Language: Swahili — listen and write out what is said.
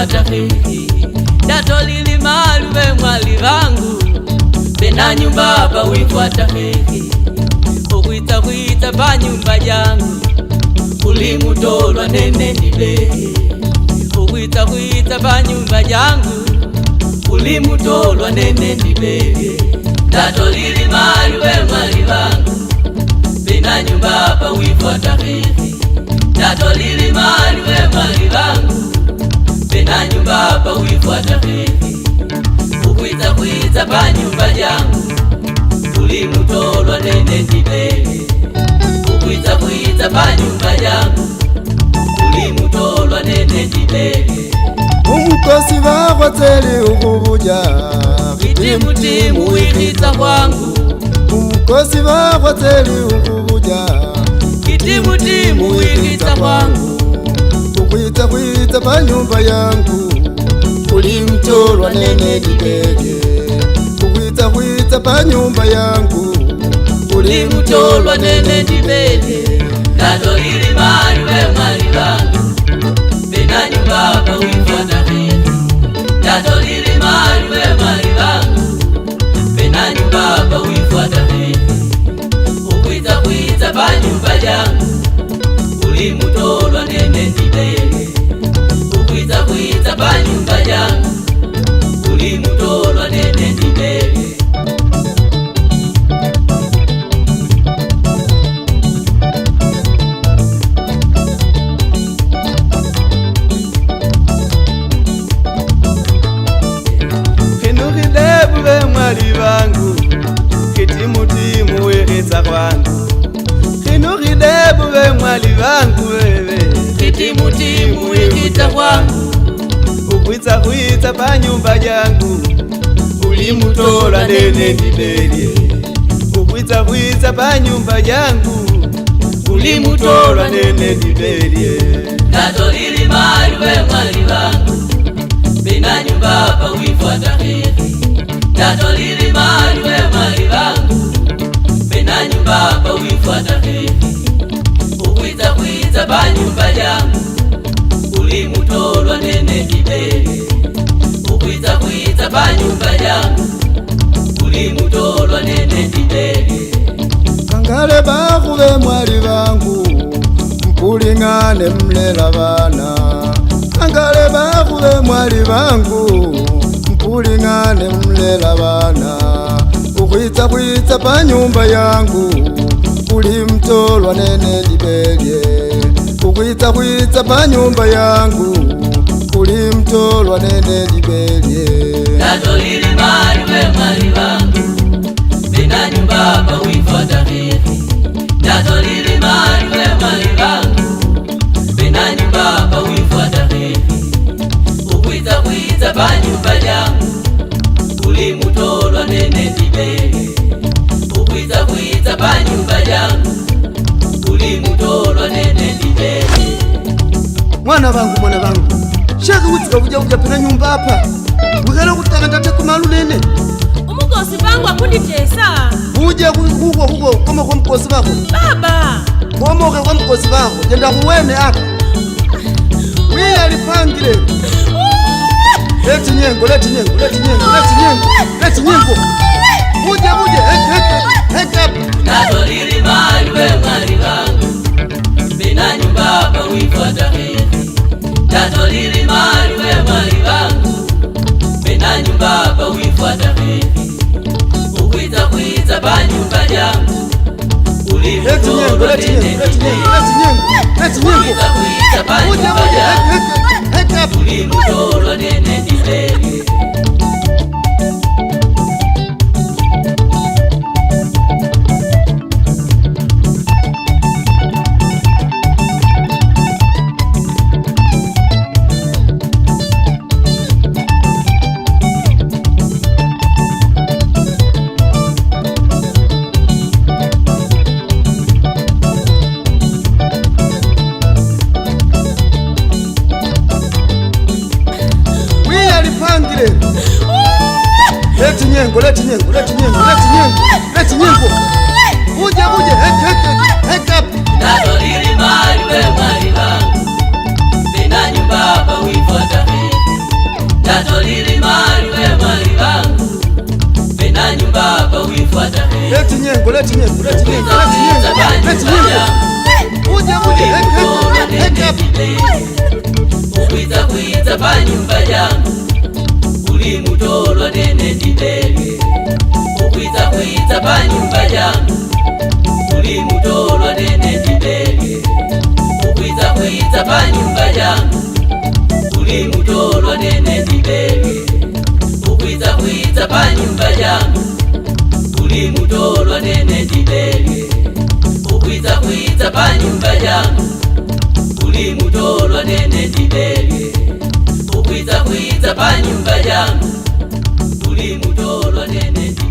watakihi datolili malume mwali vangu vena nyumba apa wikwatakihi ukwita kwita pa nyumba jangu kulimutolwa nene nilehi ukwita kwita pa nyumba jangu kulimutolwa nene nilehi datolili malume mwali vangu vena nyumba apa wikwatakihi datolili malume mwali vangu na nyumba hapa uifuata vipi? Ukwiza kwiza pa nyumba jangu tulimutolwa nene ndibele. Ukwiza kwiza pa nyumba jangu tulimutolwa nene ndibele. Umukosi vakwatele ukuvuja vitimutimu wikiza kwangu. Umukosi vakwatele ukuvuja vitimutimu wa nyumba yangu ulimchorwa Nene Kidege, kuhwitahwita pa nyumba yangu ulimchorwa Nene Kidege, nalo mali we mali wangu nyumba pa hili nalo mali we mali wangu bina nyumba pa wifana hili ukwita pa nyumba yangu Nene kuita kuita panyumba yangu uli mutolwa nene ni mbele hinuhidebule mwali vangu hitimutimu wihitsa kwangu hinuhidebule mwali vangu we. timu timu ikita kwangu ubwitsa khwitsa panyumba jangu ulimutola nene ndibelye ubwitsa khwitsa panyumba jangu ulimutola nene ndibelye natolili mali we mwali wangu bina nyumba pa wifuata kheri natolili mali we mwali wangu bina nyumba pa wifuata kheri Baba nyumba yangu ulimutolwa nene kibele ukwiza kwiza ba nyumba yangu ulimutolwa nene kibele kangale bakhuve mwali bangu mpuling'ane mlela bana kangale bakhuve mwali bangu mpuling'ane mlela bana ukhwitsa khwitsa pa nyumba yangu ulimtolwa nene libelye kukwitakwita pa nyumba yangu kuli mtolwa nene libelye eh. natolile mali we mali wangu bina nyumba pa wifa takifu mwana vangu mwana vangu shaka udzika kuja kuja nyumba apa wikala kutaka ndathe kumalu nene umukosi vangu akunditesa uja kuko kuko koma kwa mkosi vako baba komoke kwa mkosi vako jenda kuwene apa wiya lipangile leti nyengo leti nyengo leti nyengo leti nyengo leti nyengo uje uje heka heka heka Tano lili mali we mali bangu Mena nyumbaba uifuata mimi Ukwita kwita pa nyumba jangu Ulimutoro nene Ukwita kwita nyengo, leti nyengo, leti nyengo, leti nyengo, leti nyengo. Uje uje, heke heke, heke up. lili mali we mali wangu. Sina nyumba hapa uifuata mimi. Nalo lili mali we mali wangu. Sina nyumba hapa uifuata mimi. Leti nyengo, leti nyengo, leti nyengo, leti nyengo, leti nyengo. Uje uje, heke heke, heke up. Uwita kuita pa nyumba yangu. Ulimutolwa nene dile. Tabani nyumba yangu tulimutolwa nene Bibele ukwita kwita pa nyumba yangu tulimutolwa nene Bibele ukwita kwita pa nyumba yangu tulimutolwa nene Bibele ukwita kwita pa nyumba yangu tulimutolwa nene Bibele ukwita kwita pa nyumba yangu tulimutolwa nene